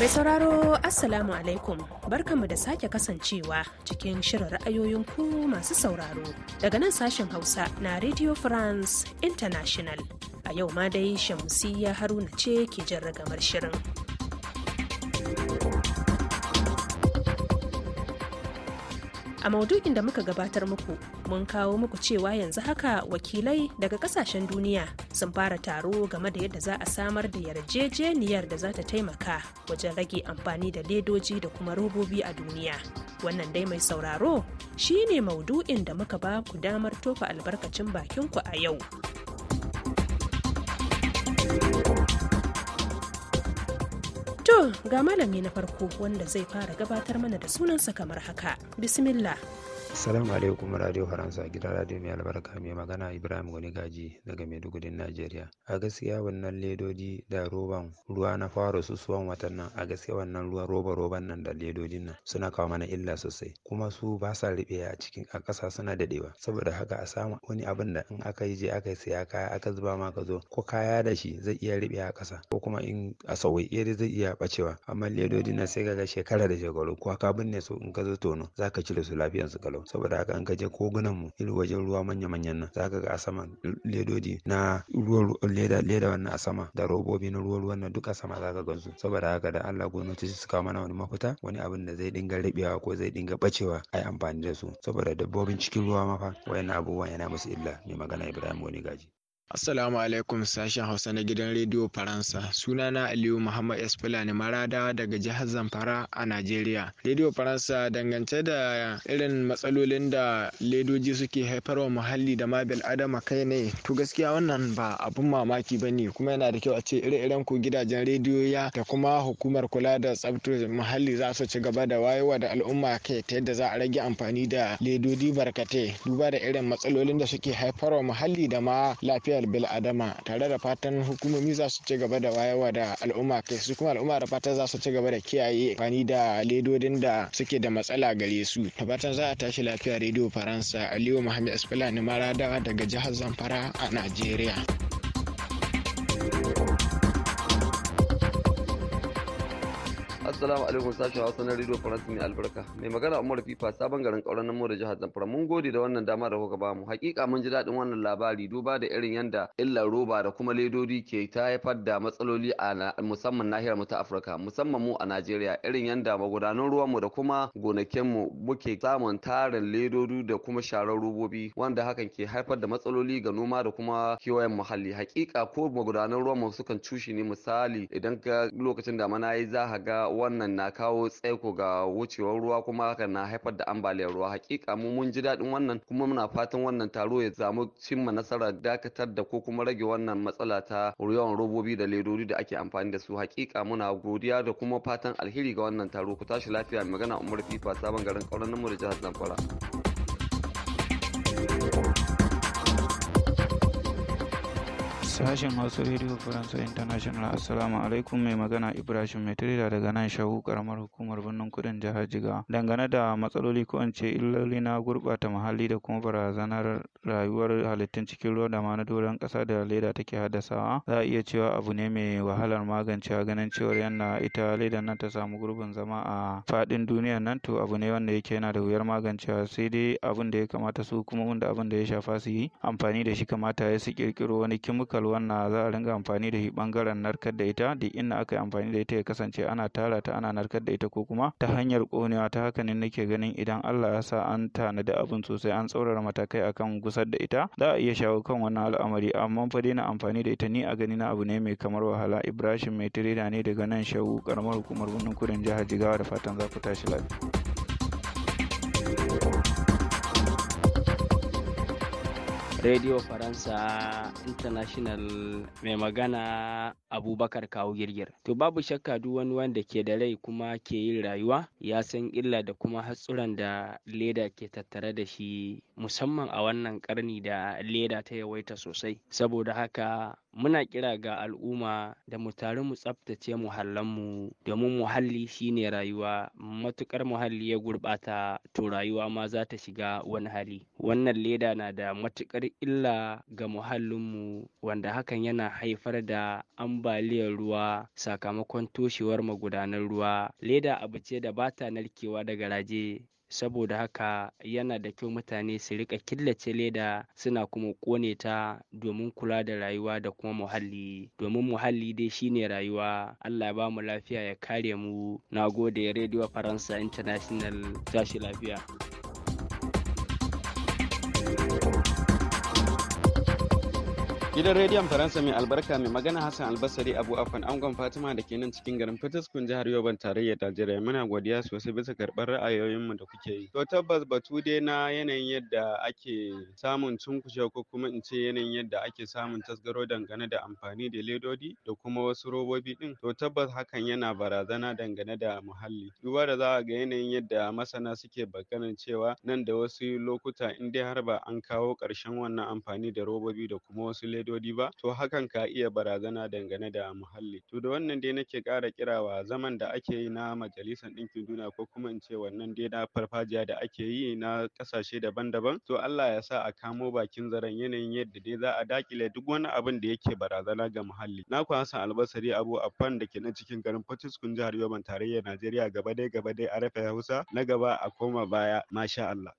Mai sauraro Assalamu alaikum barkanmu da sake kasancewa cikin shirin ra'ayoyin ku masu sauraro daga nan sashen Hausa na Radio France International. A yau ma dai Shamsiyya Haruna ce ke jan ragamar shirin. a maudu'in da muka gabatar muku mun kawo muku cewa yanzu haka wakilai daga kasashen duniya sun fara taro game da yadda za a samar da yarjejeniyar da za ta taimaka wajen rage amfani da ledoji da kuma robobi a duniya wannan dai mai sauraro shine maudu'in da muka ba ku damar tofa albarkacin bakinku a yau ga malami na farko wanda zai fara gabatar mana da sunansa kamar haka bismillah Assalamu alaikum Radio Faransa gidan radio mai albarka mai magana Ibrahim Gani Gaji daga Maiduguri Najeriya. A gaskiya wannan ledodi da roban ruwa na fara susuwan watan nan a gaskiya wannan ruwan roba roban nan da ledodin nan suna kawo mana illa sosai kuma su ba sa riɓe a cikin a ƙasa suna daɗewa. saboda haka a samu wani abun da in aka yi je aka saya kaya aka zuba ma ka zo ko kaya da shi zai iya riɓe a ƙasa ko kuma in a sauye eh, dai zai iya bacewa amma ledodin nan sai ka ga shekara da shekaru ko ka binne su in ka zo tono zaka cire su lafiyansu kalau saboda haka an gaje kogunan mu irin wajen ruwa manya manyan nan ka ga a sama ledoji na ruwa leda leda wannan a sama da robobi na ruwan ruwan nan duk a sama zaka gansu saboda haka da Allah gwamnati su kawo mana wani mafita wani abin da zai dinga riɓewa ko zai dinga bacewa ai amfani da su saboda dabbobin cikin ruwa ma fa wayannan abubuwan yana musu illa mai magana Ibrahim wani gaji Assalamu alaikum sashen Hausa na gidan Rediyo Faransa. Sunana Aliyu Muhammad S. Fulani marada daga jihar Zamfara a Najeriya. Rediyo Faransa dangance da irin matsalolin da ledoji suke haifarwa muhalli da ma adama kai ne. To gaskiya wannan ba abun mamaki ba ne kuma yana da kyau a ce ire-iren ku gidajen rediyo ya da kuma hukumar kula da tsabtar muhalli za su ci gaba da wayewa da al'umma kai ta yadda za a rage amfani da ledoji barkatai duba da irin matsalolin da suke haifarwa muhalli da ma lafiya. lafiyar bil'adama tare da fatan hukumomi za su ci gaba da wayewa da al'umma kai su kuma al'umma da fatan za su ci gaba da kiyaye amfani da ledodin da suke da matsala gare su da fatan za a tashi lafiya rediyo faransa aliyu muhammad esfila ni maradawa daga jihar zamfara a najeriya Assalamu alaikum sashen Hausa na Radio France mai albarka. Mai magana Umar Fifa sabon garin kauran nan da jihar Zamfara. Mun gode da wannan dama da kuka bamu. Hakika mun ji daɗin wannan labari duba da irin yanda illar roba da kuma ledodi ke ta haifar da matsaloli a musamman nahiyar mu ta Afirka, musamman mu a Najeriya, irin yanda magudanan ruwan mu da kuma gonakin mu muke samun tarin ledodi da kuma sharar robobi wanda hakan ke haifar da matsaloli ga noma da kuma kiwon muhalli. Hakika ko magudanan ruwan mu sukan cushe ne misali idan ka lokacin mana yi za ga wannan na kawo tsaiko ga wucewar ruwa kuma hakan na haifar da ambaliyar ruwa hakika mu mun ji daɗin wannan kuma muna fatan wannan taro ya zamu cimma nasarar dakatar da ko kuma rage wannan matsala ta yawan robobi da ledodi da ake amfani da su hakika muna godiya da kuma fatan alheri ga wannan taro ku tashi lafiya magana umar fifa sabon garin kauran namu da jihar zamfara. Sashen Hausa Radio faransa International Assalamu alaikum mai magana Ibrahim Metrida daga nan shahu karamar hukumar birnin kudin jihar jiga Dangane da matsaloli ko ce illoli na gurbata muhalli da kuma barazanar rayuwar halittun cikin ruwa da ma na doron ƙasa da leda take haddasawa, za a iya cewa abu ne mai wahalar magancewa ganin cewar yana ita leda nan ta samu gurbin zama a fadin duniya nan to abu ne wanda yake yana da wuyar magancewa sai dai abin da ya kamata su kuma wanda abin da ya shafa su yi amfani da shi kamata ya su ƙirƙiro wani kimikal ruwan na za a ringa amfani da shi bangaren narkar da ita duk inda aka yi amfani da ita ya kasance ana tara ta ana narkar da ita ko kuma ta hanyar konewa ta haka ne nake ganin idan Allah ya sa an tanadi abin sosai an tsaurara matakai akan gusar da ita za a iya shawo kan wannan al'amari amma fa dai na amfani da ita ni a gani na abu ne mai kamar wahala Ibrahim mai tireda ne daga nan shawo karamar hukumar birnin Kudin jihar Jigawa da fatan za ku tashi lafiya. Radio Faransa International mai magana Abubakar Kawo Girgir. To babu shakka duk wani wanda ke da rai kuma ke yin rayuwa ya san illa da kuma hatsuran da leda ke tattare da shi musamman a wannan karni da leda ta yawaita sosai. Saboda haka muna kira ga al'umma da mu taru mu tsaftace muhallan mu domin muhalli shine rayuwa matukar muhalli ya gurbata to rayuwa ma za ta shiga wani hali wannan leda na da matukar illa ga muhallinmu wanda hakan yana haifar da ambaliyar ruwa sakamakon toshewar magudanan ruwa leda abu ce da bata narkewa da garaje saboda haka yana da kyau mutane su rika killace leda suna kuma kone ta domin kula da rayuwa da kuma muhalli domin muhalli dai shine rayuwa allah ba mu lafiya ya kare mu na gode radio faransa international tashi lafiya Gidan rediyon Faransa mai albarka mai magana Hassan Albasari Abu Afan Angon Fatima da ke nan cikin garin Fataskun jihar Yoban tarayyar Najeriya muna godiya sosai bisa karɓar ra'ayoyinmu da kuke yi. To tabbas batu dai na yanayin yadda ake samun cunkushe ko kuma in ce yanayin yadda ake samun tasgaro dangane da amfani da ledodi da kuma wasu robobi ɗin. To tabbas hakan yana barazana dangane da muhalli. Duba da za a ga yanayin yadda masana suke bakanan cewa nan da wasu lokuta in dai har ba an kawo ƙarshen wannan amfani da robobi da kuma wasu ledodi ƙa'idodi ba to hakan ka iya barazana dangane da muhalli to da wannan dai nake ƙara kirawa zaman da ake yi na majalisar ɗinkin duniya ko kuma in ce wannan dai na farfajiya da ake yi na ƙasashe daban-daban to Allah ya sa a kamo bakin zaren yanayin yadda dai za a daƙile duk wani abun da yake barazana ga muhalli na ku Hassan Albasari Abu Affan da ke nan cikin garin Fatiskun jihar Yobe tarayyar Najeriya gaba dai gaba dai a rufe Hausa na gaba a koma baya masha Allah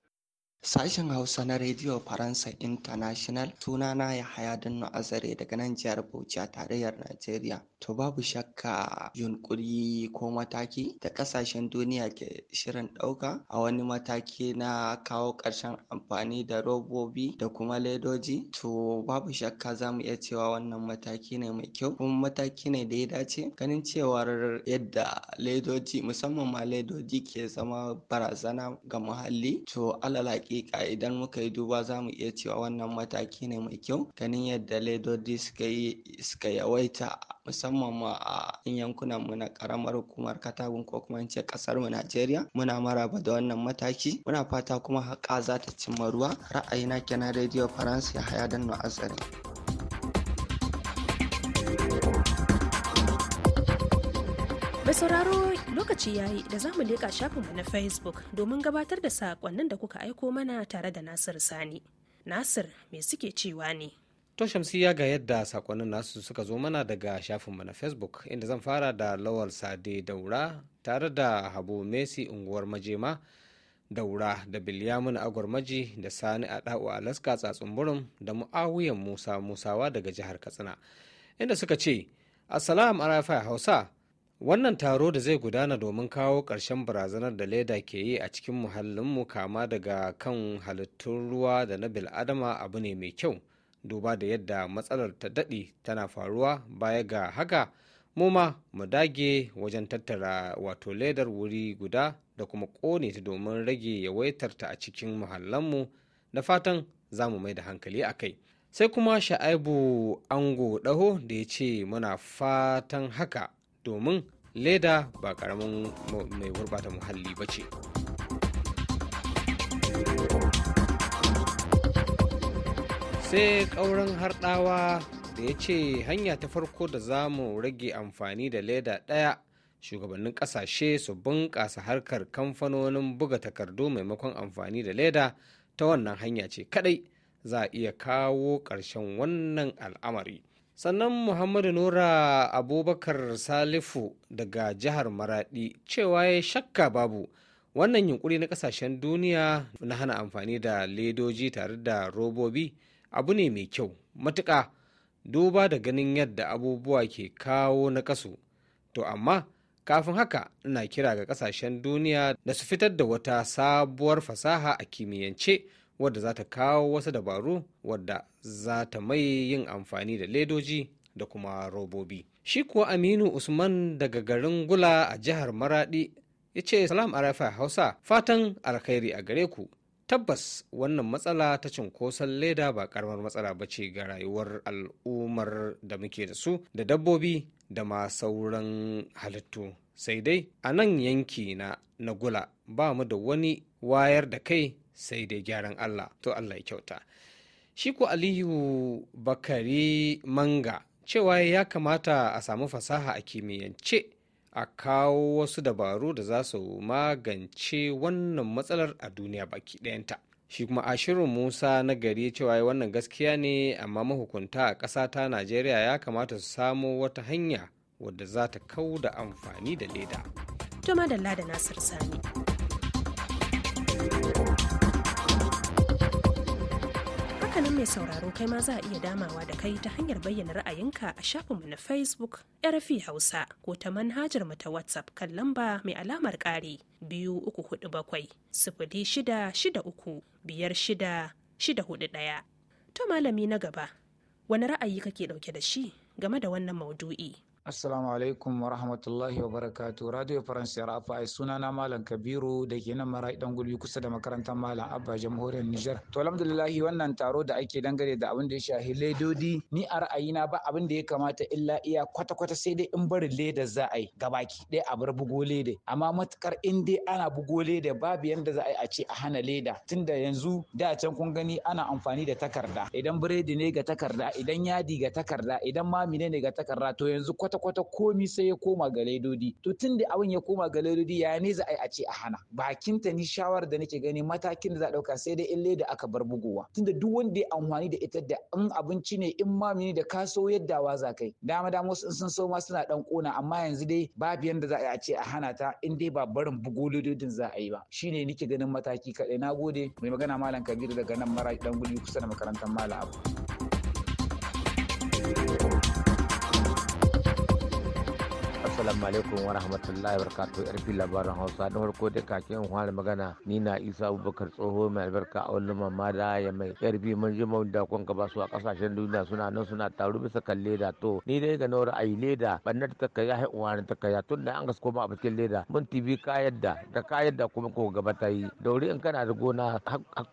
Sashen Hausa na Radio France International sunana Yahaya Danno Azare daga nan jihar Bauchi a tarayyar Najeriya. To babu shakka yunƙuri ko mataki da ƙasashen duniya ke shirin ɗauka a wani mataki na kawo ƙarshen amfani da robobi da kuma ledoji. To babu shakka za mu iya cewa wannan mataki ne mai kyau kuma mataki ne da ya dace ganin cewar yadda ledoji musamman ma ledoji ke zama barazana ga muhalli. To alal haƙiƙa idan muka yi duba za mu iya cewa wannan mataki ne mai kyau ganin yadda ledoji suka suka yawaita musamman musamman ma a yankunan mu na karamar hukumar Katagun ko kuma in ce kasar mu Najeriya muna maraba da wannan mataki muna fata kuma haƙa za ta cimma ruwa ra'ayina kenan Radio France ya haya danno asali. Mai sauraro lokaci yayi da za mu leƙa shafinmu na Facebook domin gabatar da saƙonnin da kuka aiko mana tare da Nasir Sani. Nasir me suke cewa ne? To ya ga yadda sakonnin nasu suka zo mana daga shafinmu na Facebook inda zan fara da Lawal Sade Daura tare da Habu Messi unguwar Majema Daura da Bilyamun Agwar Maji da Sani Adau Alaska Tsatsumburum da Mu'awiyan Musa Musawa daga jihar Katsina inda suka ce Assalam Arafa Hausa Wannan taro da zai gudana domin kawo ƙarshen barazanar da leda ke yi a cikin muhallin mu kama daga kan halittun ruwa da na bil'adama abu ne mai kyau. duba da yadda matsalar ta daɗe tana faruwa baya ga haka mu mu dage wajen tattara wato ledar wuri guda da kuma ƙone ta domin rage yawaitar ta a cikin muhallanmu da fatan za mu mai da hankali a kai sai kuma sha'aibu ango ɗaho da ya ce muna fatan haka domin leda ba ƙaramin mai gurɓata muhalli ba ce. sai ƙaurin harɗawa da ya ce hanya ta farko da za mu rage amfani da leda ɗaya shugabannin ƙasashe su bunƙasa harkar kamfanonin buga takardu maimakon amfani da leda ta wannan hanya ce kaɗai za a iya kawo ƙarshen wannan al'amari sannan muhammadu nura abubakar salifu daga jihar maradi cewa ya shakka babu wannan yunkuri na ƙasashen duniya na hana amfani da ledoji tare da robobi abu ne mai kyau matuƙa duba da ganin yadda abubuwa ke kawo na to amma kafin haka ina kira ga kasashen duniya da su fitar da wata sabuwar fasaha a kimiyyance wadda za ta kawo wasu dabaru wadda za ta mai yin amfani da ledoji da kuma robobi shi kuwa aminu usman daga garin gula a jihar maradi ya ce salam arafa hausa fatan alkhairi a gare ku tabbas wannan matsala ta cunkoson leda ba karamar matsala ba ce ga rayuwar al'ummar da muke da su da dabbobi da ma sauran halittu sai dai a nan yanki na na gula ba mu da wani wayar da kai sai dai gyaran allah to allah ya kyauta shi ko aliyu bakari manga cewa ya kamata a samu fasaha a kimiyyance a kawo wasu dabaru da za su magance wannan matsalar a duniya baki ɗayanta shi kuma ashirin musa na gari cewa wannan gaskiya ne amma mahukunta a ƙasa ta najeriya ya kamata su samo wata hanya wadda za ta kau da amfani da leda. Tuma da Nasir Sani. Hakanan mai sauraro kai ma za a iya damawa da kai ta hanyar bayyana ra'ayinka a shafinmu na Facebook RFI Hausa ko ta manhajar mu ta WhatsApp kan lamba mai alamar ƙari biyu uku hudu bakwai sifili shida shida uku biyar shida shida hudu ɗaya. To malami na gaba, wani ra'ayi kake dauke da shi game da wannan maudu'i? Assalamu alaikum wa rahmatullahi wa barakatu. Radio France suna sunana Malam Kabiru da ke nan marayi dan gulbi kusa da makarantar Malam Abba Jamhuriyar Nijar. To alhamdulillah wannan taro da ake dangane da abin da ya shahi ledodi ni a ra'ayina ba abin da ya kamata illa iya kwata kwata sai dai in bari leda za a yi gabaki dai a bar bugo leda amma matukar in dai ana bugo leda babu yanda za a yi a ce a hana leda tunda yanzu da can kun gani ana amfani da takarda idan biredi ne ga takarda idan yadi ga takarda idan mamine ne ga takarda to yanzu kwata kwata-kwata komi sai ya koma ga laidodi to tun da abin ya koma ga laidodi ya ne za a yi a ce a hana bakin ta ni shawar da nake gani matakin da za a ɗauka sai dai in leda aka bar bugowa tunda duk wanda ya amfani da ita da in abinci ne in mamini da kaso yadda wa za kai dama dama wasu in sun so ma suna dan kona amma yanzu dai babu yanda za a yi a ce a hana ta in dai ba barin bugo ledodin za a yi ba shine nake ganin mataki kaɗai na gode mai magana malam kabiru daga nan mara dan gudu kusa da makarantar malam abu. assalamu alaikum wa rahmatullahi wa barakatuhu yarfi labaran hausa don farko da kakin fara magana ni na isa abubakar tsoho mai albarka a wani mamma da ya mai yarfi mun ji mun da kwanka gaba su a kasashen duniya suna nan suna taru bisa kan leda to ni dai ga nawar ayi leda bannar ta ya hai ne ta kai tun da an gasko ma a bakin leda mun TV ka da da ka yadda kuma ko gaba ta yi dauri in kana da gona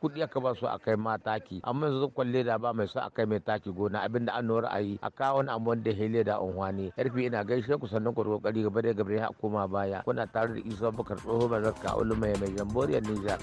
kudi aka ba su a kai ma taki amma yanzu kwalle leda ba mai su a kai mai taki gona abinda an nawar ayi a kawo wani amma da ya leda unhwani yarfi ina gaishe ku sannan ku roƙari labari gaba da gaba a koma baya kuna tare da isa bakar tsoho bazarka ulumai mai jamboriyar nijar.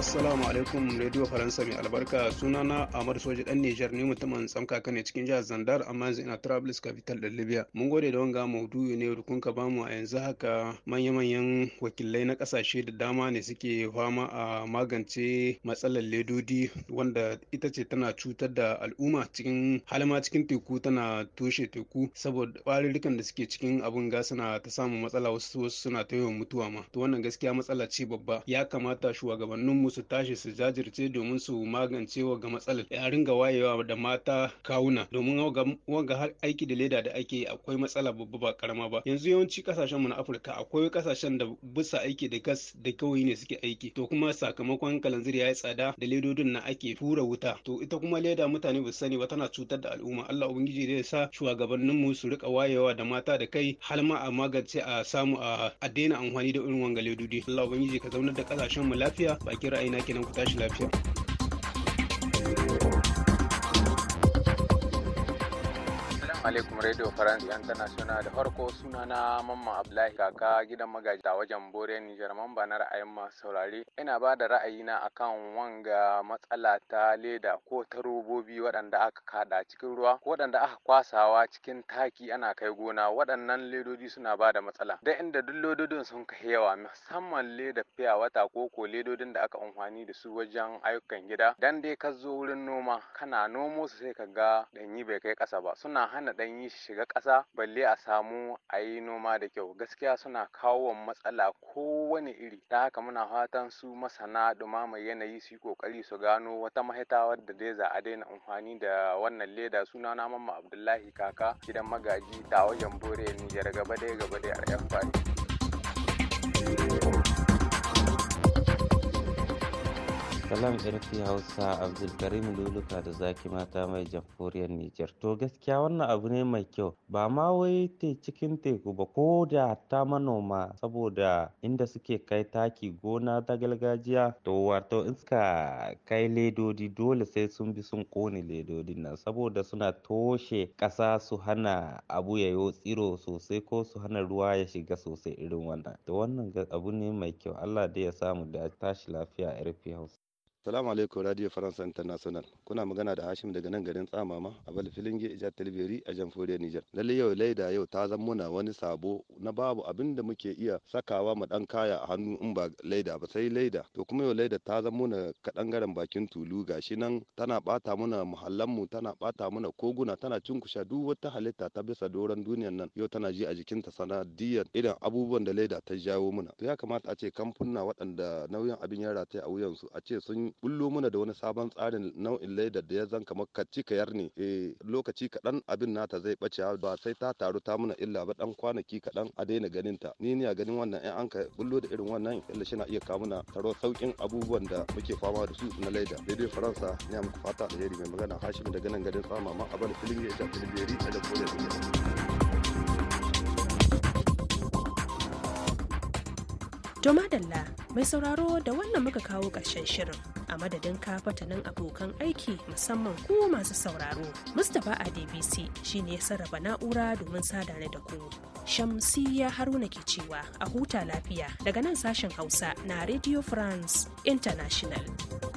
Assalamu alaikum Radio Faransa mai albarka sunana Ahmad Soja dan Niger ne mutumin tsamkaka ne cikin jihar Zandar amma yanzu ina Trablus capital da Libya. Mun gode da wanga maudu ne rukun ka bamu a yanzu haka manya-manyan wakilai na kasashe da dama ne suke fama a magance matsalar ledodi wanda ita ce tana cutar da al'umma cikin halma cikin teku tana toshe teku saboda ƙwarurrukan da suke cikin abun ga suna ta samu matsala wasu suna ta yawan mutuwa ma. To wannan gaskiya matsala ce babba ya kamata shugabanninmu su tashi su jajirce domin su magance wa ga matsalar ya ringa wayewa da mata kawuna domin wanga har aiki da leda da ake akwai matsala babba ba karama ba yanzu yawanci kasashen mu na Afirka akwai kasashen da bisa aiki da gas da kawai ne suke aiki to kuma sakamakon kalanzir ya yi tsada da ledodin na ake fura wuta to ita kuma leda mutane ba sani ba tana cutar da al'umma Allah ubangiji zai sa shugabannin mu su rika wayewa da mata da kai har ma a magance a samu a daina amfani da irin wanga ledodi Allah ubangiji ka zaunar da kasashen mu lafiya ba ra'ayina kenan ku tashi lafiya. Assalamu alaikum Radio France International da farko suna na Mamman Abdullahi kaka gidan magaji a wajen Bore Nijar man ba na ra'ayin masu saurare ina ba da ra'ayina akan wanga matsala ta leda ko ta robobi waɗanda aka kada cikin ruwa waɗanda aka kwasawa cikin taki ana kai gona waɗannan ledoji suna ba da matsala da inda duk ledodin sun kai yawa musamman leda fiya wata koko ko ledodin da aka amfani da su wajen ayyukan gida dan dai ka zo wurin noma kana nomo su sai ka ga danyi bai kai ƙasa ba suna hana na ɗan yi shiga ƙasa balle a samu a yi noma da kyau gaskiya suna kawo matsala kowane iri ta haka muna fatan su masana ɗumama yanayi su yi ƙoƙari su gano wata mahita wadda dai za a daina amfani da wannan leda suna na mamma abdullahi kaka gidan magaji ta wajen bore nijar gaba dai gaba dai a yan fari salam irfi hausa abdulkarim luluka da zaki mata mai jamhuriyar nijar to gaskiya wannan abu ne mai kyau ba ma wai te cikin teku ba ko da ta manoma saboda inda suke kai taki gona ta gargajiya to wato in suka kai ledodi dole sai sun bi sun kone ledodin nan saboda suna toshe ƙasa su hana abu ya yo tsiro sosai ko su hana ruwa ya shiga sosai irin wannan to wannan abu ne mai kyau allah dai ya samu da tashi lafiya irfi hausa Salamu alaikum Radio France International. Kuna magana da Hashim daga nan garin Tsamama a Bal Filinge Ijar Talbiri a Jamhuriyar Nijar. Lalle yau laida yau ta zama muna wani sabo na babu abin da muke iya sakawa ma dan kaya a hannu in ba laida ba sai laida. To kuma yau laida ta zama muna kadangaren bakin tulu gashi nan tana bata muna muhallan mu tana bata muna koguna tana cinkusha duk wata halitta ta bisa doron duniyar nan yau tana ji a jikinta sanadiyar irin abubuwan da laida ta jawo muna. To ya kamata a ce kamfuna waɗanda nauyin abin ya rataya a wuyansu a ce sun bullo mana da wani sabon tsarin nau'in laidar da ya zan kamar ka yar ne eh, lokaci kaɗan abin nata zai ɓace ba sai ta taru ta mana illa ba dan kwanaki kaɗan a daina ganin ta ni ne a ganin wannan 'yan an ka bullo da irin wannan illa shi na iya kawo mana taro saukin abubuwan da muke fama da su na laida daidai faransa ne a muku fata da yari mai magana hashim daga nan garin ma a bani filin ya da filin a da kodin To madalla mai sauraro da wannan muka kawo ƙarshen shirin a madadin kafatanin abokan aiki musamman ku masu sauraro. Mustapha ADBC ne ya sarrafa na'ura domin sada ne da ku. shamsi ya Haruna ke cewa a huta lafiya daga nan sashen Hausa na Radio France International.